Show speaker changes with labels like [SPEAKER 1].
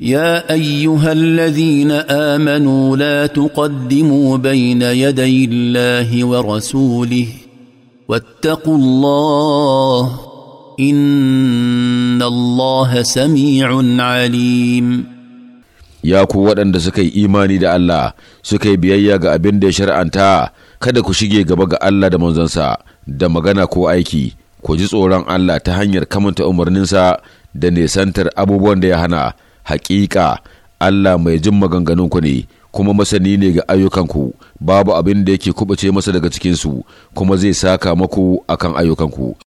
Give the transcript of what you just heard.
[SPEAKER 1] يا ايها الذين امنوا لا تقدموا بين يدي الله ورسوله واتقوا الله ان الله سميع عليم
[SPEAKER 2] ya ku waɗanda suka yi imani da Allah suka yi biyayya ga abin da ya shar'anta kada ku shige gaba ga Allah da manzansa da magana ko aiki ku ji tsoron Allah ta hanyar kamanta umarninsa da nesantar abubuwan da ya hana hakika Allah mai jin maganganun ku ne kuma masani ne ga ayyukanku babu abin da yake kubace masa daga cikin su kuma zai saka maku akan ayyukanku